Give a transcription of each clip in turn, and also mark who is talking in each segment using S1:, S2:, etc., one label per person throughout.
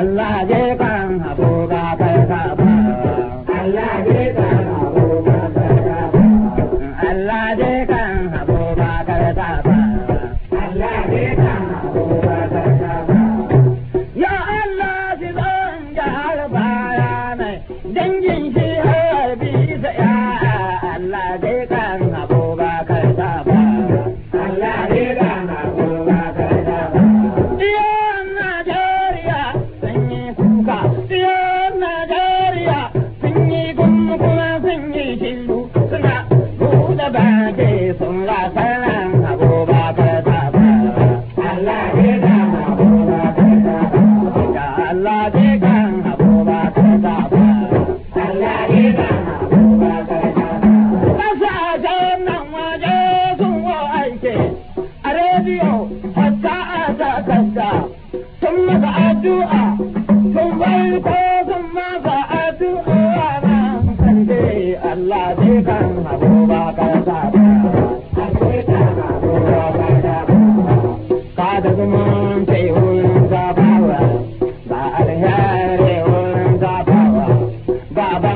S1: Allah kan aboga kai ka ba Allah kan ba Allah kan ba Allah kan kai ka Ya Allah shi zan baya mai dangin shi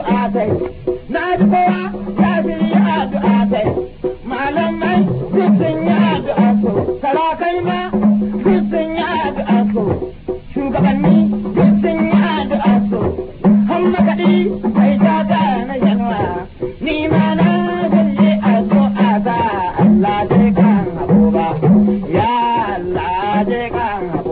S1: addu'a na ji kowa kafiri ya addu'a malamai duk sun yi addu'a sarakai ma duk sun yi shugabanni duk sun yi addu'a har makaɗi mai jaga na yanwa ni ma na zalle addu'a za Allah dai kan abuba ya Allah dai kan abuba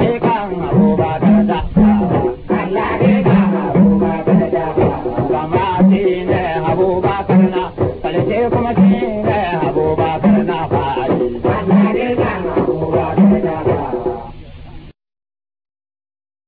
S1: Thank you.